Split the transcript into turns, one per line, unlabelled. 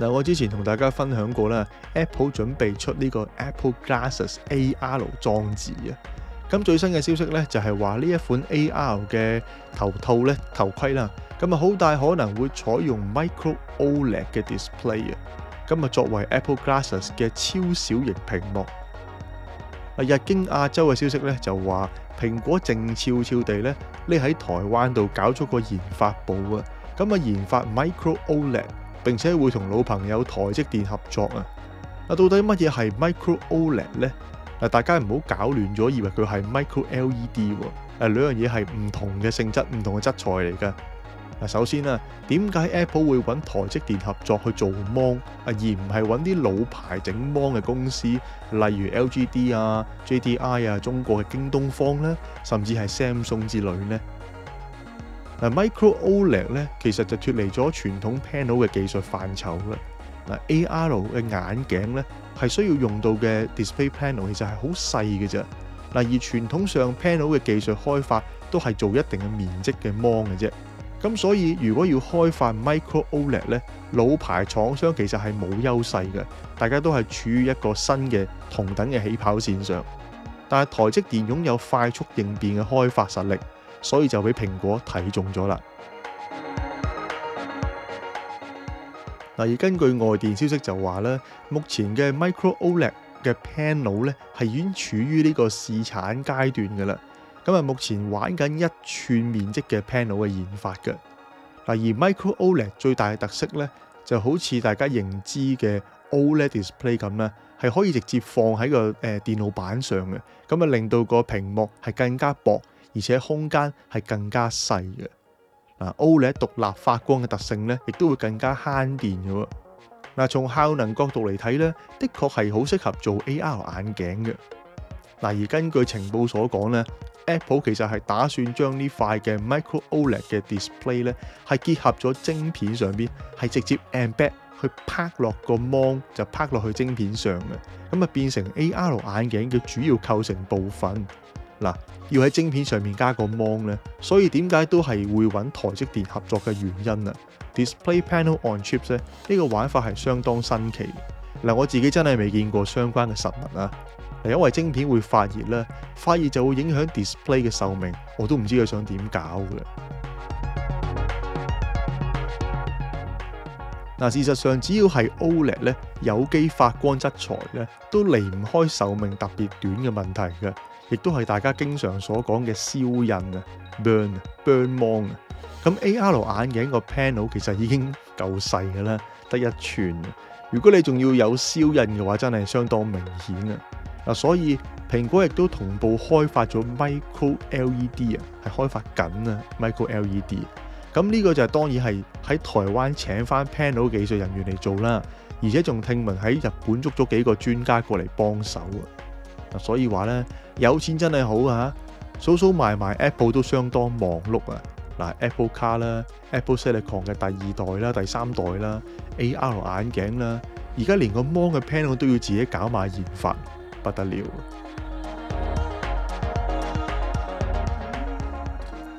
嗱，我之前同大家分享過啦，Apple 準備出呢個 Apple Glasses AR 裝置啊。咁最新嘅消息咧，就係話呢一款 AR 嘅頭套咧、頭盔啦，咁啊好大可能會採用 Micro OLED 嘅 display 啊。咁啊作為 Apple Glasses 嘅超小型屏幕。啊，日經亞洲嘅消息咧就話，蘋果靜悄悄地咧匿喺台灣度搞咗個研發部啊。咁啊研發 Micro OLED。並且會同老朋友台積電合作啊！嗱，到底乜嘢係 Micro OLED 咧？嗱，大家唔好搞亂咗，以為佢係 Micro LED 喎。誒，兩樣嘢係唔同嘅性質、唔同嘅質材嚟㗎。嗱，首先啊，點解 Apple 會揾台積電合作去做 Mon 啊，而唔係揾啲老牌整 Mon 嘅公司，例如 LGD 啊、JDI 啊、中國嘅京東方咧，甚至係 Samsung 之類咧？micro OLED 其實就脫離咗傳統 panel 嘅技術範疇啦。AR 嘅眼鏡係需要用到嘅 display panel，其實係好細嘅啫。而傳統上 panel 嘅技術開發都係做一定嘅面積嘅芒嘅啫。咁所以，如果要開發 micro OLED 呢老牌廠商其實係冇優勢嘅，大家都係處於一個新嘅同等嘅起跑線上。但係台積電擁有快速應變嘅開發實力。所以就俾蘋果睇中咗啦。嗱，而根據外電消息就話咧，目前嘅 Micro OLED 嘅 panel 咧係已經處於呢個試產階段嘅啦。咁啊，目前玩緊一吋面積嘅 panel 嘅研發嘅。嗱，而 Micro OLED 最大嘅特色咧，就好似大家認知嘅 OLED display 咁啦，係可以直接放喺個誒電腦板上嘅，咁啊令到個屏幕係更加薄。而且空間係更加細嘅，嗱，OLED 獨立發光嘅特性咧，亦都會更加慳電嘅喎。嗱，從效能角度嚟睇咧，的確係好適合做 AR 眼鏡嘅。嗱，而根據情報所講咧，Apple 其實係打算將呢塊嘅 Micro OLED 嘅 display 咧，係結合咗晶片上邊，係直接 embed 去拍落個芒，就拍落去晶片上嘅，咁啊變成 AR 眼鏡嘅主要構成部分。嗱，要喺晶片上面加個芒咧，所以點解都係會揾台積電合作嘅原因啊。Display panel on chips 呢個玩法係相當新奇。嗱，我自己真係未見過相關嘅實物啊。因為晶片會發熱咧，發熱就會影響 display 嘅壽命，我都唔知佢想點搞嘅。嗱，事實上，只要係 OLED 咧，有機發光質材咧，都離唔開壽命特別短嘅問題嘅，亦都係大家經常所講嘅燒印啊、burn 啊、burn 芒啊。咁 AR 眼鏡個 panel 其實已經夠細嘅啦，得一寸。如果你仲要有燒印嘅話，真係相當明顯啊。嗱，所以蘋果亦都同步開發咗 micro LED 啊，係開發緊啊 micro LED。咁呢個就係當然係喺台灣請翻 panel 技術人員嚟做啦，而且仲聽聞喺日本捉咗幾個專家過嚟幫手啊。所以話呢，有錢真係好啊，數數埋埋 Apple 都相當忙碌啊。嗱，Apple Car 啦，Apple Silicon 嘅第二代啦、第三代啦，AR 眼鏡啦，而家連個 Mon 嘅 panel 都要自己搞埋研發，不得了。